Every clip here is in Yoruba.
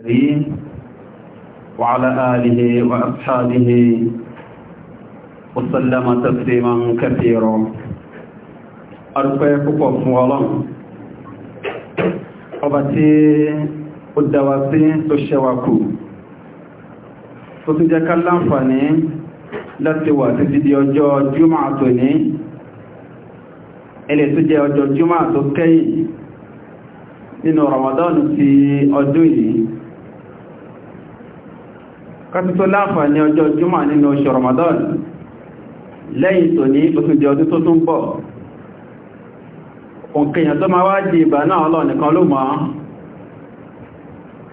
الكريم وعلى آله وأصحابه وسلم تسليما كثيرا أرفع púpọ̀ fún ọlọ́run ọba tí ó dáwà sí tó ṣẹwàkù tó tún jẹ́ ká láǹfààní láti wà títí di ọjọ́ jùmọ̀ àtò ní ilẹ̀ tó jẹ́ ọjọ́ jùmọ̀ àtò kẹ́yìn nínú Ramadan ti ọdún yìí kátútó láàfà ní ọjọ́ jùmọ̀ nínú oṣù Ramadan lẹ́yìn tó ní oṣù jẹ ọdún tó tún bọ̀ òǹkèyàn tó máa wá di ìbà náà lọ nìkan ló mọ́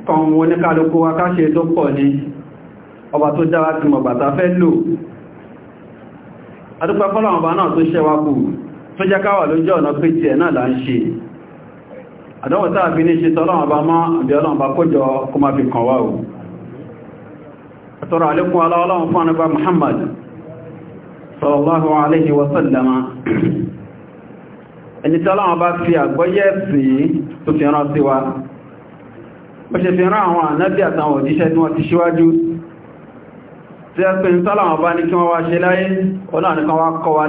kan wo ní kálukú wa káṣe tó pọ̀ ní ọba tó dáwà ti mọ̀ bàtà fẹ́ lò adúpẹ́ fọ́lọ̀wọ̀n bá náà tó ṣẹ́wà kù tó jẹ́ káwà lójú ọ̀nà pé tí ẹ̀ náà là ń ṣe àtọrọ àlékún aláwọ̀láwọ̀n fún ànàbà Muhammad sallallahu alaihi wasallama ẹni tí aláwọ̀ bá fi àgbọ́yẹ̀ sí tó fi rán sí wa ó ṣe fi rán àwọn ànábì àtàwọn òjíṣẹ́ tí wọ́n ti ṣíwájú tí a pè ń sálàwọ̀ bá ní kí wọ́n wá ṣe láyé ọlọ́nìkan wá kọ́ wa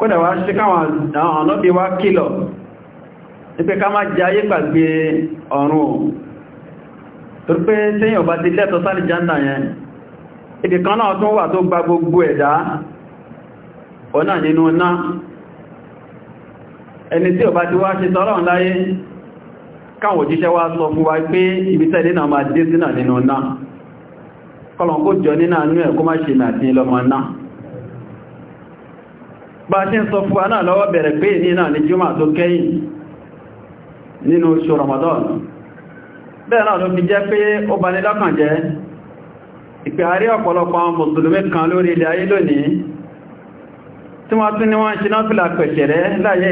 kódà wá ṣe káwọn ọ̀nà bí wá kílọ̀ ipé ká má jẹ ayé gbàgbé ọ̀run o torí pé tẹ́yìn ọba ti lẹ́tọ̀ sáàlì jánà yẹn ibi kan náà tún wà tó gba gbogbo ẹ̀dá ọ̀nà nínú ọ̀nà ẹni tí ọba ti wá ṣe tọ́lọ̀ láyé káwọn òjíṣẹ́ wá sọ fún wa pé ibi tẹ́lẹ̀ náà máa dé sínà nínú ọ̀nà kọlọ̀kó jọ nínú àánú ẹ̀ kó má ṣe nà sí lọ́mọ náà bá ṣe ń sọ fún wa lọ́wọ́ bẹ̀rẹ̀ pé ní náà ní jíma tó kẹ́yìn nínú oṣù Ramadan bẹ́ẹ̀ náà ló fi jẹ́ pé ó bá ní ìpẹ̀ ọ̀pọ̀lọpọ̀ mùsùlùmí kan lórí ilẹ̀ ayé lónìí tí wọ́n tún ní wọ́n ṣe náà fìlà láyé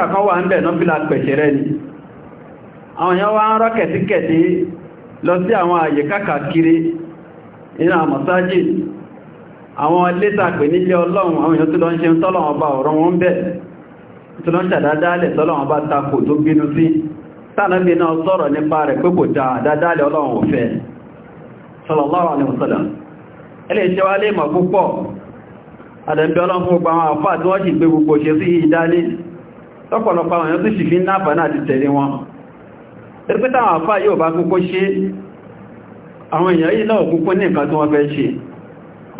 kan wa ni lọ sí àwọn àyè nínú àmọ̀sájì àwọn létàpé nílé ọlọ́run àwọn èèyàn tó lọ ń ṣe tọ́lọ̀wọ̀n bá ọ̀rọ̀ wọn bẹ̀ tó lọ ń ṣàdádálẹ̀ tọ́lọ̀wọ̀n bá takò tó bínú sí tánàbí náà sọ̀rọ̀ nípa rẹ̀ pé kò dá àdádálẹ̀ ọlọ́run ò fẹ́ sallallahu alaihi wasallam ele se wa le mo púpọ̀ adan bi Ọlọ́run fún gba àwọn àfáà tí wọ́n sì gbé gbogbo ṣe sí idale lọ́pọ̀lọpọ̀ àwọn èèyàn tó sì fi napa na ti tẹ̀lé wọn erpe ta àwọn àfáà yóò bá àwọn èèyàn yìí náà kúkún ní nǹkan tí wọ́n fẹ́ ṣe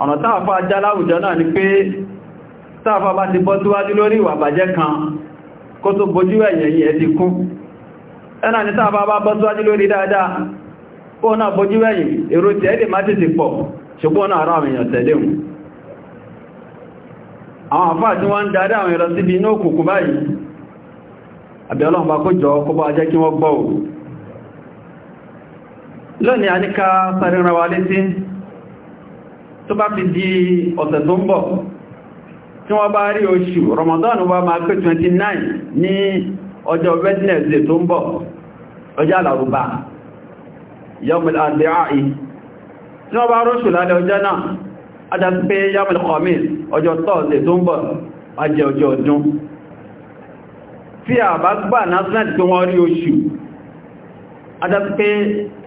ọ̀nà táàfà já láwùjọ náà ni pé táàfà bá ti bọ́ síwájú lórí ìwà bàjẹ́ kan kó tó bojú ẹ̀yẹ̀ yìí ẹ̀ ti kún ẹ̀nà ni táàfà bá bọ́ síwájú lórí dáadáa kó náà bojú ẹ̀yìn èrò tí ẹ̀dẹ̀ lónìí a ní ká létí tó bá fi di ọ̀sẹ̀ tó ń bọ̀ tí wọ́n bá rí oṣù Ramadan wa máa pé 29 ní ọjọ́ Wednesday tó ń bọ̀ ọjọ́ alàrùbá yọmùl àdìáì tí wọ́n bá róṣù lálẹ́ ọjọ́ náà ajá pé yọmùl khamis ọjọ́ Thursday tó ń bọ̀ ajẹ́ ọjọ́ ọdún tí a bá gbà national tí wọ́n rí oṣù ajá pé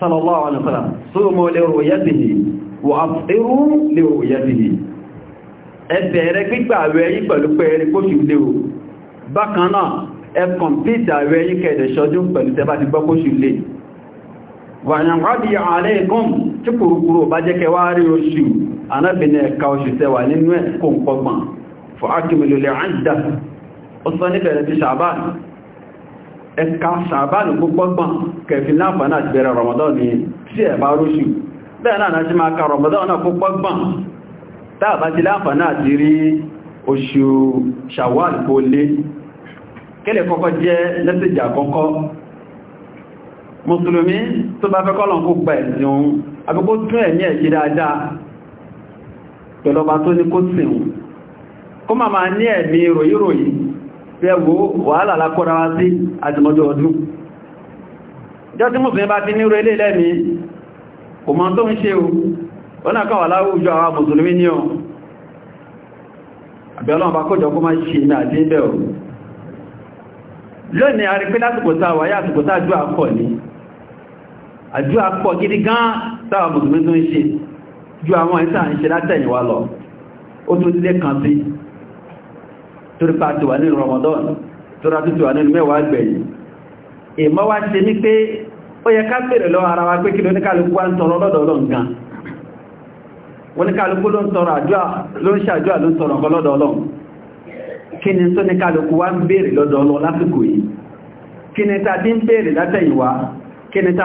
صلى الله عليه وسلم صوموا لرؤيته وأفطروا لرؤيته ẹbẹ̀rẹ̀ gbígbà àwẹ̀ yìí pẹ̀lú pẹ̀ẹ̀rẹ̀ kóṣù lé o bákanáà ẹ kọ̀mpítà àwẹ̀ yìí kẹ̀ẹ̀dẹ̀ ṣọdún pẹ̀lú tẹ́bá ti gbọ́ kóṣù lé wàyànwádí àlẹ́ẹ̀kùn tí kùrùkùrù bá jẹ́ kẹwàárí oṣù anábìnrin ẹ̀ka oṣù tẹwà nínú ẹ̀kùn pọ̀gbọ̀n fọ́ ẹka ṣàbánù púpọ̀gbọ̀n kẹfì láǹfààní àti bẹ̀rẹ̀ Ramadan ní tí ẹ̀bá rúṣù bẹ́ẹ̀ náà náà ti máa ka Ramadan náà púpọ̀gbọ̀n tàbá ti láǹfààní àti rí oṣù Ṣawwal kó lé kílẹ̀ kọ́kọ́ jẹ́ lẹ́sẹ̀jà kọ́kọ́ mùsùlùmí tó bá fẹ́ kọ́lọ̀ kó gbà ẹ̀sìn òun àbíkó tún ẹ̀mí ẹ̀ṣì dáadáa pẹ̀lọ́ba tó ní kó sìn òun kó máa ní ẹ̀mí ròyíròyìn ẹwò wàhálà lákọ́ra wá sí àjùmọ́jọ́ ọdún jọ tí mùsùlùmí bá ti nírò ilé lẹ́mi kò mọ́ tó ń ṣe o ó náà kọwà láwùjọ àwọn mùsùlùmí ní ọ àbẹ́ọlọ́wọ́n bá kójọ kó má ṣe ní àti ibẹ̀ o lónìí a rí pé lásìkò tá wà yásìkò tá àdúrà pọ̀ ní ó tún lé kan sí torí pa ti wà nínú Ramadan tóra tó ti wà nínú mẹ́wàá gbẹ̀yìn ìmọ́ wá ṣe ní pé ó yẹ ká bèèrè lọ ara wa pé kí ló ní kálukú wá ń tọrọ lọ́dọ̀ Ọlọ́run gan wọ́n ní kálukú ló ń tọrọ àdúrà ló ń ṣàdúrà ló ń tọrọ ọkọ̀ lọ́dọ̀ kí ni tó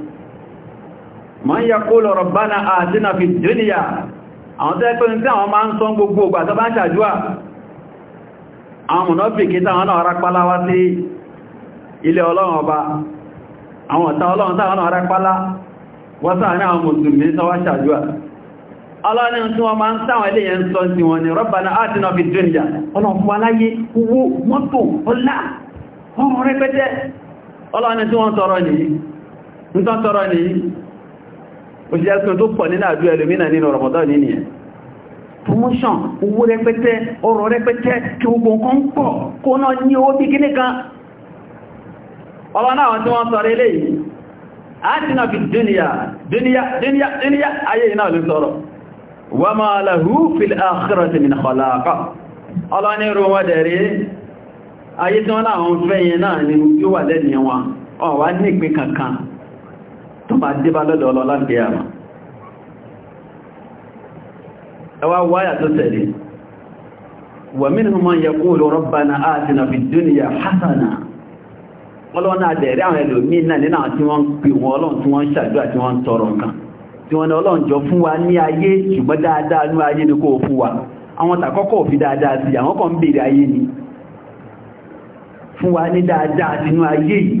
man yaqulu rabbana atina fid dunya àwọn tẹ́ pé ní tí àwọn máa ń sọ gbogbo ògbà tó bá ń ṣàjúwà àwọn mọ̀nàbìkì táwọn náà rápálá wá sí ọba àwọn ọ̀tá ọlọ́run táwọn náà rápálá wọ́n sáà ní àwọn mùsùlùmí ni rabbana atina fid dunya ó ṣe jásùn tó pọ̀ nínú àdúrà ẹlòmínà nínú Ramadan nínú ẹ̀ promotion owó rẹpẹtẹ ọrọ̀ rẹpẹtẹ kí gbogbo nǹkan pọ̀ kó náà ní owó bí kíní kan ọlọ́ náà tí wọ́n sọ̀rọ̀ ilé yìí a ti náà fi dúníyà dúníyà dúníyà dúníyà ayé iná ló sọ̀rọ̀ wa ma lahu fil akhirati tó máa débá lọ́dọ̀ ọlọ́lá ń gbéyàmà ẹwà wáyà tó tẹ̀lé wà minhum man yaqulu rabbana atina fid dunya hasana ọlọ́nà àdẹ̀rẹ́ àwọn ẹlòmí náà nínú tí wọ́n pè wọn ọlọ́run tí wọ́n ṣàdúrà tí wọ́n tọrọ nǹkan tí wọ́n jọ fún wa ní ayé ṣùgbọ́n dáadáa ní ayé fún wa àwọn tàkọ́kọ́ òfin dáadáa sí àwọn kan ń bèèrè ayé ni fún wa ní dáadáa ayé yìí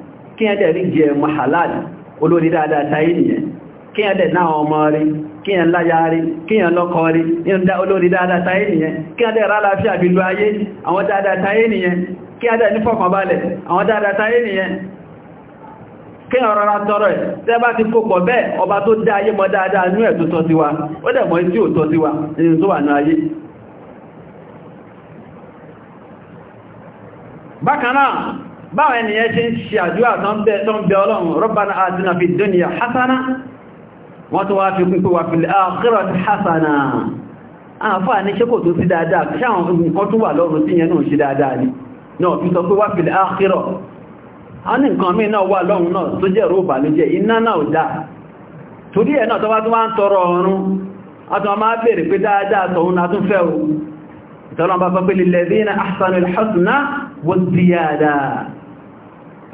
kí ẹ rí jẹ mahalal dáadáa táyé nìyẹn kí ẹ náà ọmọ rí kí ẹ láyá rí kí ẹ lọ́kọ rí olórí dáadáa táyé nìyẹn kí ẹ dẹ̀ rálàáfíà ayé àwọn dáadáa táyé nìyẹn kí nífọ̀kànbalẹ̀ tọrọ ẹ̀ tẹ́ bá ti bẹ́ẹ̀ ọba tó dá ayé mọ́ dáadáa ní tọ́ sí wa ó tí ó tọ́ sí wa nínú báwọn ènìyàn ṣe ń ṣe àdúrà tán bẹ ọlọ́run Rabbana atina fid dunya hasana wọ́n tó wá fi kún pé wà fil akhirati hasana àfáà ní ṣe kò tó sí dáadáa kí àwọn nǹkan tó wà lọ́rùn sí yẹn náà ṣe dáadáa ni náà fi sọ pé wà fil akhirah a ní nǹkan mí náà wà lọ́run náà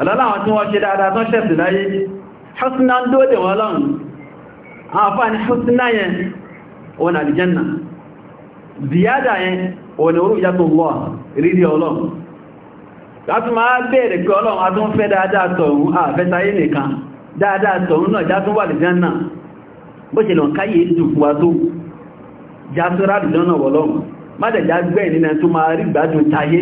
aláláwọn tí wọ́n ṣe dáadáa tán ṣẹ̀sì láyé husna ń dóde wọn lọ́run àfá ni husna yẹn wọn na aljanna ziyada yẹn wọn ni orúkú yàtọ̀ wọ́ rírí ọlọ́run láti máa bẹ̀rẹ̀ pé ọlọ́run a tún fẹ́ dáadáa tọ̀run àfẹ́sáyé nìkan dáadáa tọ̀run náà já tún wà aljanna bó ṣe má dẹ̀ gbẹ̀ẹ́ nínú tó máa rí gbádùn táyé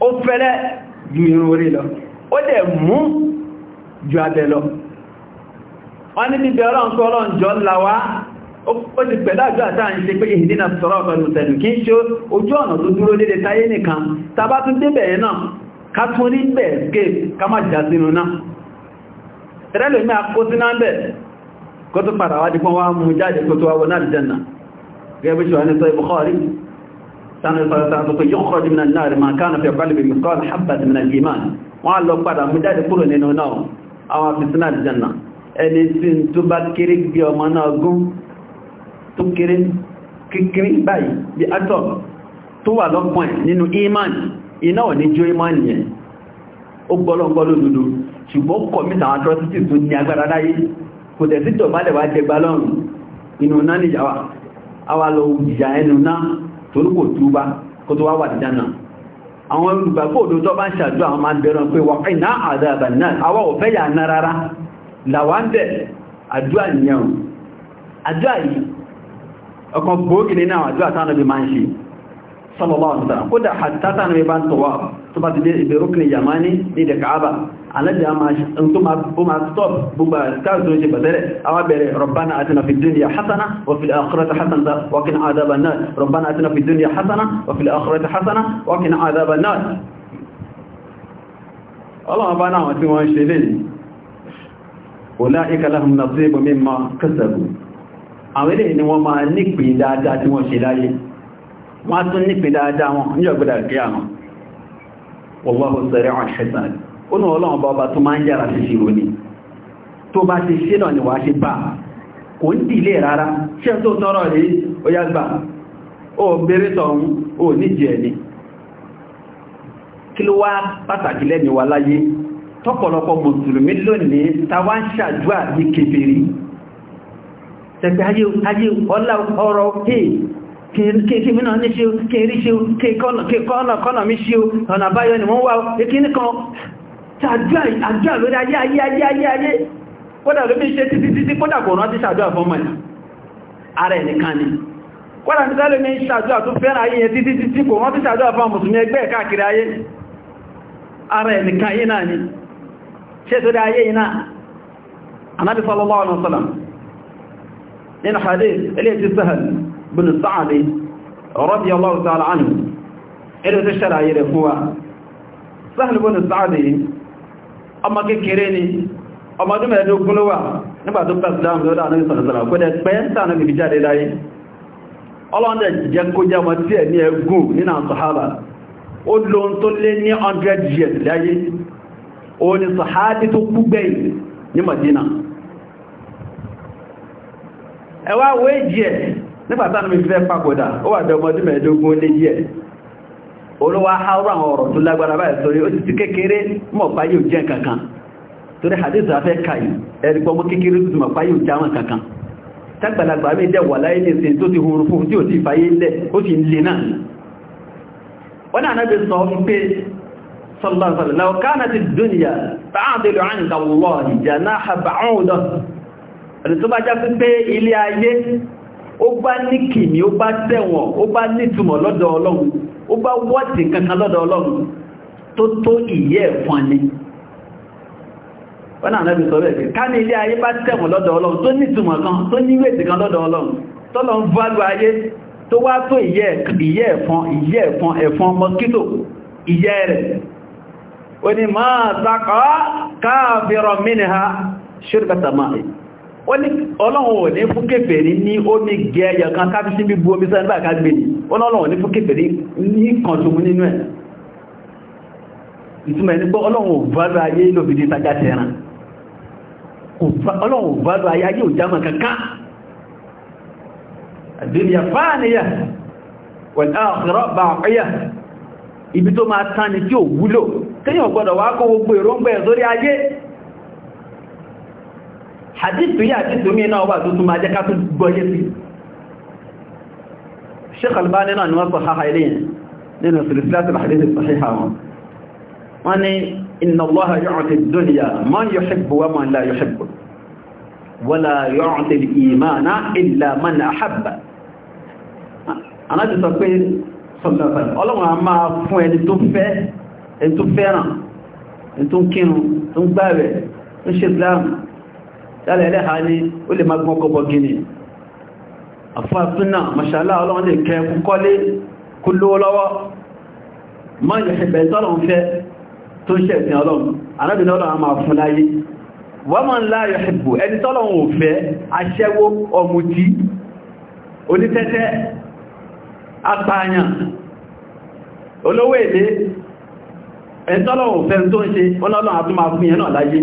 ó fẹ́lẹ́ ju irun orí lọ ó dẹ̀ mú ju abẹ lọ wọ́n ní bíbẹ̀ ọlọ́nkọ́ ọlọ́njọ́ ńlá wá ó ti pẹ̀lú àjọ àtàà ń ṣe pé ìhìdínà sọ́rọ̀ ọ̀pẹ̀lú tẹ̀lù kí ń ṣe ojú ọ̀nà tó dúró lédè táyé nìkan tàbá tún débẹ̀ ẹ̀ náà ká tún rí bẹ̀ ké ká má jà sínú náà tẹ́lẹ̀ mi àkó sí náà bẹ̀ kó tó padà wá dípọ́n wá mú jáde kó tó wá wọ náà jẹ́ náà gẹ́gẹ́ bí ṣe wà ní sọ Bukhari يخرج من النار ما كان في قلبه مثقال حبة من الإيمان وعن لو قد مدد كل نينونا أو في سنة الجنة ẹni tí ń tó bá kéré bí ọmọ náà gún tó kéré kékeré báyìí bí atọ́ tó wà lọ́pọ̀ ẹ̀ nínú iman iná ò ní jó iman yẹn ó gbọ́lọ́gbọ́lọ́ lòdò ṣùgbọ́n kọ̀ mítà atrocity tó ní agbára láyé kò tẹ̀sítọ̀ bá lẹ̀wà jẹgbà lọ́rùn inú náà níyàwó àwà lọ torí kò túbá kó tó wá wà dìjánà àwọn olùgbàgbọ́ òdòtọ́ bá ń ṣàdúrà àwọn máa ń bẹ̀rọ pé wà ní àdáàbà náà àwọ́ òfẹ́ yà ná rárá làwà ń bẹ̀ nìyàn àdúrà yìí ọkàn gbòógì nínú àwọn àdúrà tánàbí máa ń ṣe sallallahu alaihi wasallam kódà hàtàtà ní bá ń tọ̀wà tó bá ti dé ìbẹ̀rúkìlì yamani ní ìdẹ̀ kàábà alájẹ́ o máa stop gbogbo káàkiri ṣe bàtẹ́rẹ̀ awà bẹ̀rẹ̀ rọ̀bánà àti na fi dúnìyà hasana wà fi àkọrẹ́ta hasana wà kí na àdába náà rọ̀bánà àti na fi dúnìyà hasana wà fi àkọrẹ́ta hasana wà kí na àdába náà ọlọ́wọ́ bá náà tí wọ́n ṣe lè ulaika lahum nasibu mimma kasabu àwọn ni wọ́n máa nípìn dáadáa tí wọ́n ṣe láyé wọ́n tún nípin dáadáa wọn ní ọgbẹ̀dà kí àwọn wallahu sari'ul hisab ó ní ọlọ́run bá tó máa ń yára sí ṣe òní tó bá ti ṣe náà ni wà ṣe bá kò ń dìlé rárá ṣe tó tọ́rọ̀ rí ó gbà ó bèèrè tọ̀hún ó níjẹ̀ ni kí ló wá pàtàkì lẹ́ni wa láyé tọ́pọ̀lọpọ̀ mùsùlùmí lónìí tàwa ń ṣàdúrà ní kèfèrí tẹ̀gbẹ̀ ayé ọlá kèèmínà ní ṣe kèèrí ṣe kèèkọ́nà mi ṣe ọ̀nà àbáyọ ni wọ́n wá kan tàdúrà lórí ayé ayé ayé ayé ayé kódà ló bí ṣe títí títí kódà kò rántí fún ọmọ ẹ̀ ara ni kódà ní mi tó fẹ́ràn ayé bin Sa'd radiyallahu ta'ala anhu ẹ̀rẹ́ tó ṣàlàyé rẹ̀ fún wa Sahl bin Sa'd ọmọ kékeré ni ọmọ ọdún mẹ́ẹ̀ẹ́dógún ló wà nígbà tó pẹ̀sìdáàmù lọ́dọ̀ àwọn ìsọ̀rọ̀sọ̀rọ̀ kó dẹ̀ pẹ́ ń tàn níbi ìjáde láyé ọlọ́ndẹ̀ jẹ́ kó jẹ́ ọmọ tí ẹ̀ ní ẹgùn nínú sọ̀hábà ó lò tó lé ní 100 years láyé ó ní sọ̀hábí tó kú gbẹ̀yìn ní Madina ẹwà wéjì ẹ̀ nígbàtánà mi fẹ́ papòdà ó wà bẹ ọmọdún mẹ́ẹ̀dógún lé díẹ̀ olówá haúrà àwọn ọ̀rọ̀ tó lágbára báyìí sórí ó ti ti kékeré mọ̀ páyé ò jẹ́ kankan torí hadith afẹ́ kàyì ẹ̀rìpọ̀ mọ́ kékeré tó mọ̀ páyé ò jáwọn kankan tágbàlagbà mi dẹ̀ wà láyé ní ìsìn ó bá ní kìíní ó bá tẹ̀wọ̀n ó bá nítumọ̀ lọ́dọ̀ ọlọ́run ó bá wọ́tì kankan lọ́dọ̀ ọlọ́run tó tó ìyẹ́ ẹ̀fọn ni wọ́n náà lẹ́bí sọ bẹ́ẹ̀ ká ní ilé ayé bá tẹ̀wọ̀n lọ́dọ̀ ọlọ́run tó nítumọ̀ kan tó níwèsì kan lọ́dọ̀ ọlọ́run tọ́lọ ń válù ayé tó wá tó ní ó ní ọlọ́run ò ní fún kèfèrí ní omi gẹ ẹyọ kan káfí sí bíbu omi sẹ́nbà kágbé ní ọlọ́run ò ní fún kèfèrí ní kan tó mú nínú ẹ̀ ìtumọ̀ ẹni gbọ́ ọlọ́run ò bádọ́ ayé lòbìdí sájá tẹran ọlọ́run ò bádọ́ ayé ayé ò jámọ̀ ni tí ò wúlò kéyàn gbọ́dọ̀ wá kó gbogbo hadithu yìí àti tòmí náà wà tó tún máa jẹ́ ká tún gbọ́yé sí Sheikh Albani náà ni wọ́n sọ haha ilé yẹn nínú sùlùsílátì àdìsí sàhíhà wọn wọ́n ni inna Allaha yu'ti ad-dunya man yuhibbu wa man la yuhibbu wala yu'ti al-imana ń tẹ́lẹ̀ ẹlẹ́ha ní ó lè máa gbọ́n kọ́bọ̀ gini àfáà súnà mashallah ọlọ́run lè kẹ kúkọ́lé kú lówó lọ́wọ́ ma yẹ̀ ẹ̀bẹ̀ tọ́lọ̀un fẹ́ tó ń ṣẹ̀sìn ọlọ́run arábìnrin ọlọ́run a máa fún láyé wọ́n mọ́ ńlá yọ̀ ẹ̀bù ẹni tọ́lọ̀un ò fẹ́ aṣẹ́wó ọmùtí onítẹ́tẹ́ apààyàn tó ń ṣe ọlọ́run àtúmà fún yẹn náà láyé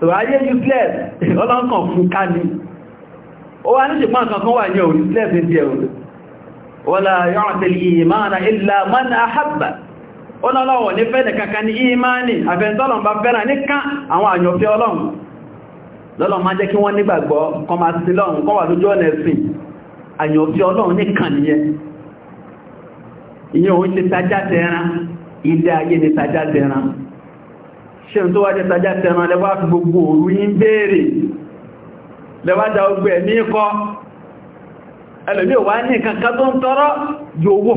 so ayé useless ọlọ́nkàn fún ká ní ó wá ní ṣùgbọ́n kankan wà ní òun useless ní ẹ̀rọ wọ́la yọ́ntẹ̀lì ìmáàna mọ́nà àhábà ọlọ́lọ́wọ̀ ní fẹ́ nìkankan ní ìmáàni àfẹ́ntọ́lọ̀n àwọn jẹ́ kí ṣe tó wájẹ́ tajá tẹran lẹ́wà gbogbo òru yí ń béèrè lẹ́wà dá ogbẹ̀ ní ikọ́ ẹlòmí ò wá ní kankan tó ń tọrọ jù owó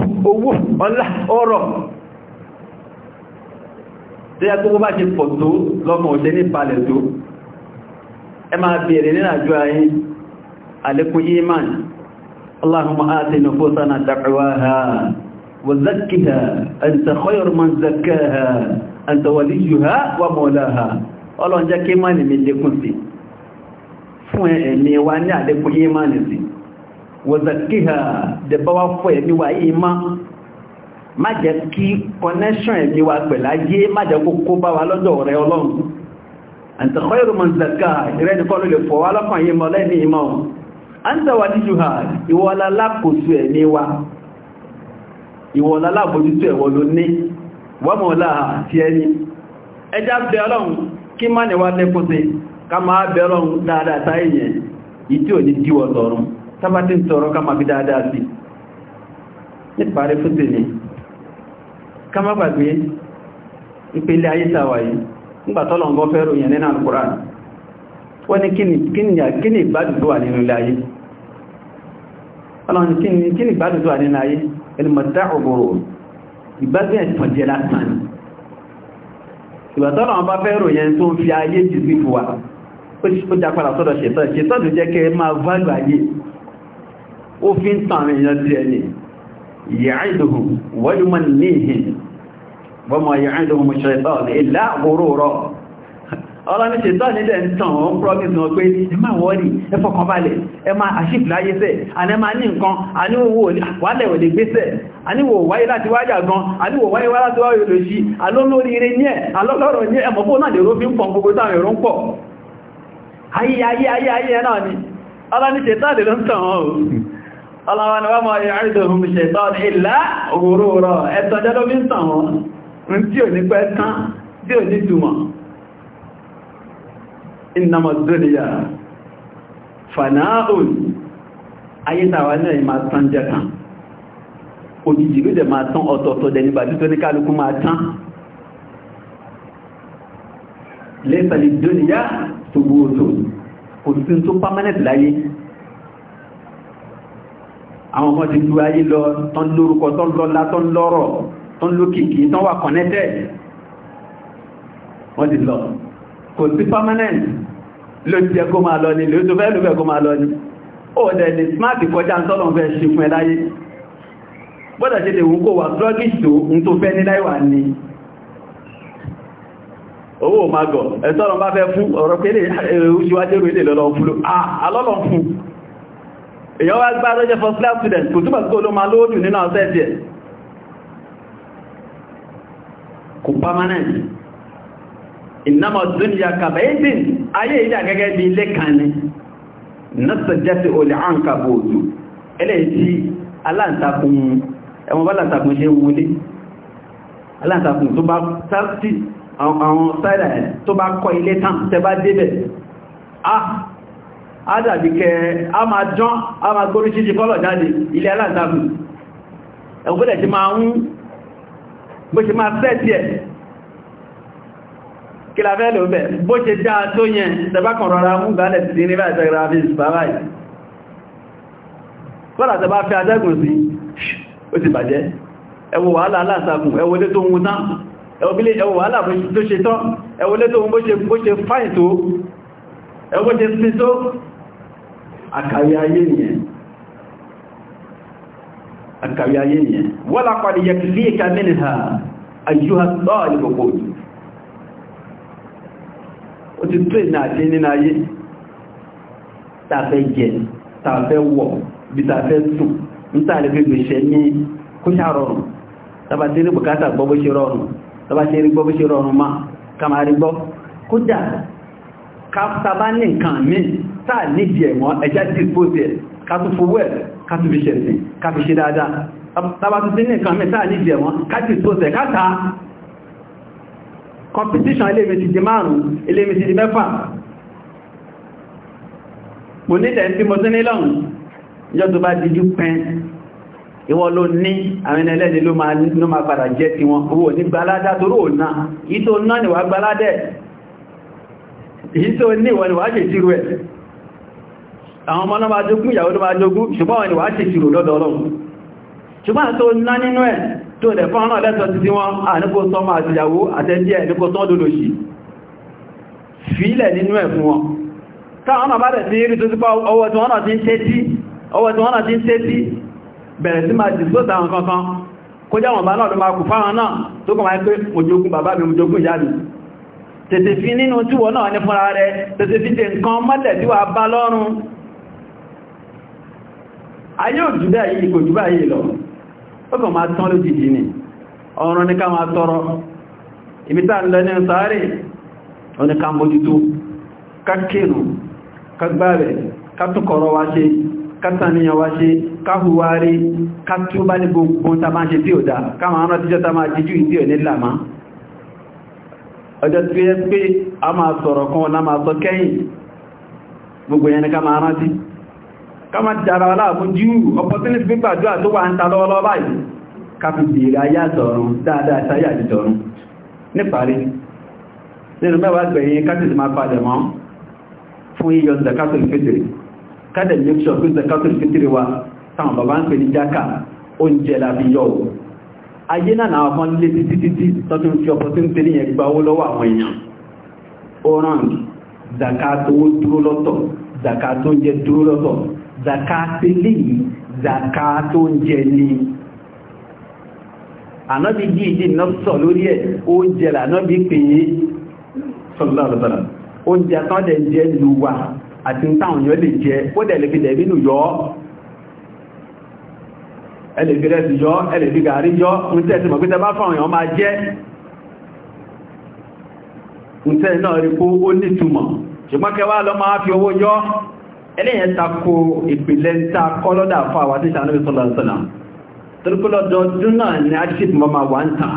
ọlá ọrọ̀ tí a gbogbo bá ti pọ̀ tó lọ́kàn òjẹ́ ní balẹ̀ tó ẹ máa béèrè nínú àjọ ayé anta waliyuha wa mawlaha ọlọ́run jẹ́ kí mọ́ni mi lékún sí fún ẹ̀mí wa ní àlékún yí mọ́ni sí wọ́zàkíhà dẹ̀bọ́wá fọ́ ẹ̀mí wa yí mọ́ má jẹ́ kí connection ẹ̀mí wa pẹ̀lá yé má jẹ́ kó kó bá wa lọ́dọ̀ rẹ ọlọ́run anta khayru man zakkaha ìrẹ́ nìkan ló lè fọ́ wa lọ́kàn yí mọ́ lábòjútó ẹ̀wọ́ ló ní wọ́n mọ̀lá àti ẹni ẹjá bẹ ọlọ́run kí má ní wá lékún ká máa bẹ ọlọ́run dáadáa táyé yẹn ìtí ò ní díwọ̀ tọrún tọrọ ká máa fi dáadáa sí níparí fún tèmi ká má gbàgbé ìpele ayé tàwà yìí nígbà tọ́lọ̀ngọ́ fẹ́rò yẹn nínú àkùrá wọ́n ní kí ni wà nínú ilé ayé ọlọ́run kí ni wà nínú ayé ẹni ìgbádùn ẹ̀tàn jẹ́ lásán ni ìgbàtọ́nà ọba fẹ́ ròyìn tó ń fi ayé jù sí fún wa ó jápàdà sọ́dọ̀ ṣètọ́ ṣètọ́ tó jẹ́ kẹ́ máa válù ayé ó fi ń tàn èèyàn sí ẹni ya'iduhum wa yumannihim wa ma ya'iduhum ash-shaytan illa ghurura ọlọ́ni ṣètọ́ nílẹ̀ ń tàn ó ń promise wọn pé ẹ máa wọ́ọ̀lì ẹ fọkàn balẹ̀ ẹ máa àṣìf láyé sẹ́ àní máa ní nǹkan àníwò wálẹ̀ òlè gbésẹ̀ àníwò wáyé láti wájà gan àníwò wáyé wá láti wáyé lòṣì alólóríire ní ẹ̀ alọ́lọ́rọ̀ ní ẹ̀mọ́fó náà lè rófin pọ̀ gbogbo táwọn èrò ń pọ̀ ayé ayé ayé ayé náà ni ọlọ́ni ṣètọ́ nílẹ̀ ń tàn ó ọlọ́wọ́n wá mọ̀ ìrìnàjòhun ṣètọ́ ìlà òwúrò rọ̀ ẹ̀tọ́jọ́ ló fi ń tàn wọ́n tí ò ní pẹ́ tán tí ò ní túmọ̀ innama duniya fana'un ayétàwà náà yìí máa tán jẹ́ kan òjìjì ló dẹ̀ máa tán ọ̀tọ̀ọ̀tọ̀ dẹ̀nibà tó ní kálukú máa tán lẹ́sàlì duniya tó gbóòtò kò sí tó permanent láyé àwọn kan ti du ayé lọ tán lórúkọ tán lọ́lá tán lọ́rọ̀ tán lókìkí tán wà connected wọ́n ti lọ kò sí permanent ló ti ẹkó máa lọ ní lóòtò fẹ́ lóòfẹ́ kó máa lọ ní ó dẹ̀ ní smarti kọjá ń tọ́lọ̀ fẹ́ ṣe fún ẹ láyé bọ́dà ṣe lè wùn kó wà sluggish tó ń tó fẹ́ ní láìwà ní owó magọ̀ ẹ̀tọ́lọ̀ bá fẹ́ fún ọ̀rọ̀ pẹ́lẹ̀ oṣùwájẹ́rò ilé lọ́lọ́ fún alọ́lọ́ fún èyàn wá gbá lọ́jẹ́ for slap student kò túnbà kó ló máa lóòdù nínú ọ̀sẹ̀ ẹ̀sẹ̀ kò permanent ìnáma dúnìyà kàbẹ̀ẹ́dìn ayé ìdá gẹ́gẹ́ bí ilé kan ní nọ́sọ̀jẹ́sì olè àǹkà bòòdù ẹlẹ́ẹ̀tí aláǹtakùn ẹwọ̀n bá láǹtakùn ṣe wọlé aláǹtakùn tó bá sáàtì àwọn sáàdà tó bá kọ́ ilé tán tẹ débẹ̀ a dàbí kẹ a máa jọ́n a máa górí títí fọ́lọ̀ jáde ilé aláǹtakùn ẹ̀wọ̀n kí la fẹ́ lò bẹ̀ bó ṣe já tó yẹn tẹbákan rọra mú gbálẹ̀ sí ní báyìí tẹ́gbẹ̀rẹ̀ àfi ìsìbáwáyì kọ́lá tẹbá fẹ́ adẹ́gùn sí ó ti bàjẹ́ ẹwọ wàhálà aláàsàkùn ẹwọ ilé tó ń wúná ẹwọ bílé ẹwọ wàhálà tó ṣe tán ẹwọ ilé tó ń bó ṣe fáì tó ẹwọ bó ṣe sí tó àkàrí ayé nìyẹn àkàrí ayé nìyẹn wọ́n lápàdé yẹ kìí kàmínà àyúhà tọ́ ó ti tó ìnà àti nínú ayé tàfẹ́ jẹ tàfẹ́ wọ̀ bí tàfẹ́ tù nítàlẹ́ fi gbèṣẹ́ ní kúṣà rọrùn tàbá ti rí bùkátà gbọ́bọ́ ṣe rọrùn tàbá ti rí gbọ́bọ́ ṣe rọrùn ma kàmàrí gbọ́ kódà káfàbá ní nǹkan mi táà nídìí ẹ̀wọ̀n ẹjá dìspóṣẹ̀ kátúfowó ẹ̀ kátúfiṣẹ̀sìn dáadáa ní nǹkan mi competition eléèmì ti di márùn-ún eléèmì ti di mẹ́fà mo ní tẹ̀ tí mo tún ní lọ́rùn ìjọ tó bá díjú pẹ́n ìwọ ló ní àwọn ẹlẹ́ni ló máa padà jẹ́ ti wọn owó ní gbaládá toró òná yìí tó ná níwà gbaládẹ̀ yìí tó ní ìwọ níwà jẹ́ ìṣirò ẹ̀ àwọn ọmọ náà máa jogún ìyàwó náà máa jogún ṣùgbọ́n ìwà jẹ́ ìṣirò lọ́dọ̀ ọlọ́run ṣùgbọ́n tó ná nínú ẹ̀ tó dẹ̀ fọ́nà lẹ́tọ̀ títí wọn àníkò sọmọ àtìyàwó àtẹ́jẹ́ ẹ̀níkò tán dòdò sí fílẹ̀ nínú ẹ̀ fún wọn táwọn náà bá rẹ̀ sí rí tó sípá ọwọ́ tí wọ́n náà ti ń tẹ́tí bẹ̀rẹ̀ sí máa jìsó tàwọn kankan kó já wọn bá náà ló máa kù fáwọn náà tó kọ̀ máa pé mojogun bàbá mi mojogun ìyá mi tètè fi nínú tíwọ náà ní fúnra rẹ̀ tètè fi dé nǹkan mọ́lẹ̀ tí wà bá lọ́rùn ayé òjúbẹ̀ yìí kò jùbẹ̀ yìí lọ ó kàn máa tán lójijì ni ọ̀run ní ká máa tọrọ ìmítà ń lọ ní sàárè oníká mójútó ká kírù ká gbáàrẹ̀ ká túnkọ̀rọ̀ wá ṣe ká tàníyàn wá ṣe ká hùwárí ká tí ó bá ní gbogbo ta máa ṣe tí gbogbo yẹn ni ká máa rántí kama jara wala mo jiru opportunity bi gbàdúrà tó wà nta lọ́wọ́ lọ́wọ́ báyìí ká fi bèèrè aya torun dáadáa saya di torun ní parí nínú mẹ́wàá gbẹ̀yìn ká ti ma pale mọ́ fún iyo zakatul fitr ká de jaka oúnjẹ la fi yọ ayé náà náà fọ́n lé títí títí opportunity yẹn gba owó lọ́wọ́ àwọn èèyàn oran zakato dúró lọ́tọ̀ zakato jẹ dúró lọ́tọ̀ zakatili zaka tó ń jẹ ní ànábi gíìdì nọ́pùsọ̀ lórí ẹ̀ oúnjẹ lànábi pèyí sọ́lọ́lọ́lọ́lọ́ oúnjẹ tán dẹ̀ jẹ́ lùwà àti táwọn yóò lè jẹ ó dẹ̀ lè fi dẹ̀ nínú yọ́ ẹlẹ́fi rẹ̀sì yọ́ ẹlẹ́fi gàrí yọ́ oúnjẹ tí mọ̀ pé tẹ́bá fáwọn èèyàn máa jẹ́ oúnjẹ náà rí kó ó nítumọ̀ ṣùgbọ́n kẹwàá lọ máa fi owó yọ́ ẹlẹ́yìn tako ìpìlẹ̀ ń ta kọ́lọ́dà fún àwọn àtíṣà ní ìsọ́lọ̀sọ́lá torípọ́lọ́dọọdún náà ni a ṣe mọ́ ma wà ń tàn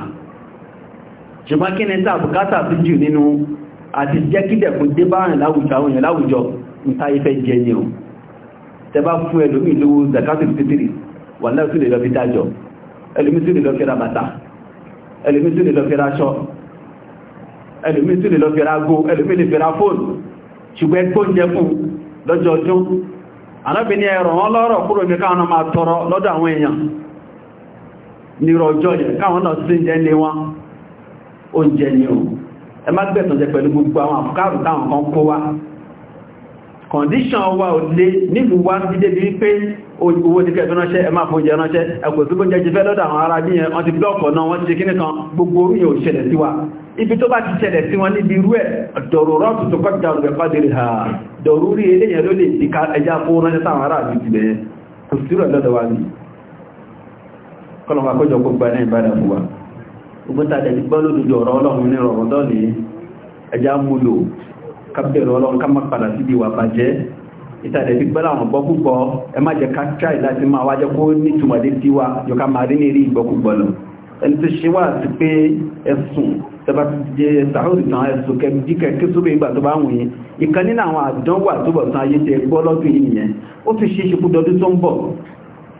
ṣùgbọ́n kí ni tàà bùkátà fi jù nínú àti jẹ́ kídẹ̀kùn dé bá rìn láwùjọ o tẹ bá fún ẹlòmí lówó zakatul fitiri wà náà tún lè lọ fi dájọ ẹlòmí tún lè lọ fi ra bàtà ẹlòmí tún lè lọ fi ra aṣọ ẹlòmí tún lè lọ fi ra ago ẹlòmí lè fi ra fóònù ṣùgbọ́n ẹgbóúnjẹ fún lọ́jọ́ ọdún anábì ní ẹ̀rọ wọn lọ́rọ̀ kúrò ní káwọn máa tọrọ lọ́dọ̀ àwọn èèyàn ní rọjọ́ yẹn káwọn náà sí jẹ́ ní wọn oúnjẹ ni ó ẹ má gbẹ̀tàn pẹ̀lú gbogbo àwọn àfukárù táwọn kan kó wá condition wa ò lé nílùú wá ń dídé bí pé owó ní kẹfẹ́ ránṣẹ́ ẹ máa fòjẹ ránṣẹ́ ẹkùn tó gbọ́njẹ́ jẹfẹ́ lọ́dọ̀ àwọn ará bíyẹn wọ́n ti blọ́ọ̀kọ̀ náà wọ́n ti ṣe kíníkan gbogbo orí yóò ṣẹlẹ̀ sí wa ibi tó bá ti ṣẹlẹ̀ sí wọn níbi irú ẹ̀ dọ̀rọ̀rọ̀ tuntun kọjá rẹ̀ fàdìrì ha dọ̀rúrí eléyẹn ló lè ti ka ẹja kó ránṣẹ́ sáwọn ará àbí tilẹ̀ kò sí rẹ̀ lọ́dọ̀ wa ní kọlọ̀wà kọjọ kó gba náà ìbára fún wa ogun tàbí gbọ́ lódodo ọ̀rọ̀ ọlọ́run ní rọ̀rọ̀ lọ́nìí ẹja múlò ká bẹ̀rù ọlọ́run ká má padà síbi ìwà bàjẹ́ ìtàlẹ̀ fi gbọ́dọ̀ àwọn gbọ́kúgbọ́ ẹ má jẹ́ ká tíráì láti máa wájẹ́ kó nítumọ̀dé tiwa yóò ká máa rí ní rí ìgbọ́kúgbọ́ lọ ẹni tó ṣe wá àti pé ẹ̀sùn tẹba jẹ sàhóòrì tán ẹ̀sùn kẹjíkẹ kí tó bèé ìgbà tó bá wù yín ìkan nínú àwọn àdánwò àtúbọ̀tán ayé tẹ gbọ́ lọ́dún yìí nìyẹn ó ti ṣe é ṣe kú dọdún tó ń bọ̀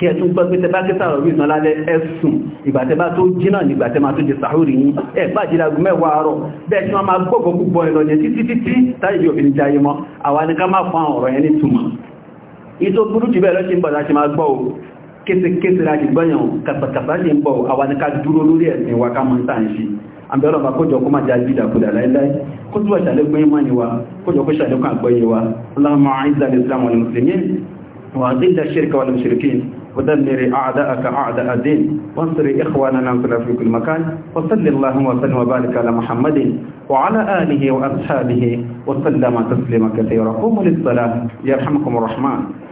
kí ẹ̀tún gbọ́ pé tẹbá kí sàrọ̀ wíìsàn lálẹ́ ẹ̀sùn ìgbàtẹbá tó jìnà nígbàtẹmà tó jẹ sàhórì yìí ẹ̀gbàjílagun mẹ́wàá àárọ̀ bẹ́ẹ̀ tí wọ́n máa gbọ́gbọ́ púpọ̀ ìlọ́jẹ títí títí táyé yóò fi ní jayé mọ́ àwa ní ká má fún àwọn ọ̀rọ̀ yẹn ní túmọ̀ ìtò burú jù bẹ́ẹ̀ lọ́sí ń bọ̀ láti máa gbọ́ o kéṣekéṣe láti gbọ́yàn kàtàkàtà sí ń bọ̀ àwa ní ká dúró lórí ẹ̀sìn wa ká mọ́ sáà wa muslimin ودمر أعداءك أعداء الدين وانصر إخواننا في كل مكان وصل اللهم وسلم وبارك على محمد وعلى آله وأصحابه وسلم تسليما كثيرا قوموا للصلاة يرحمكم الرحمن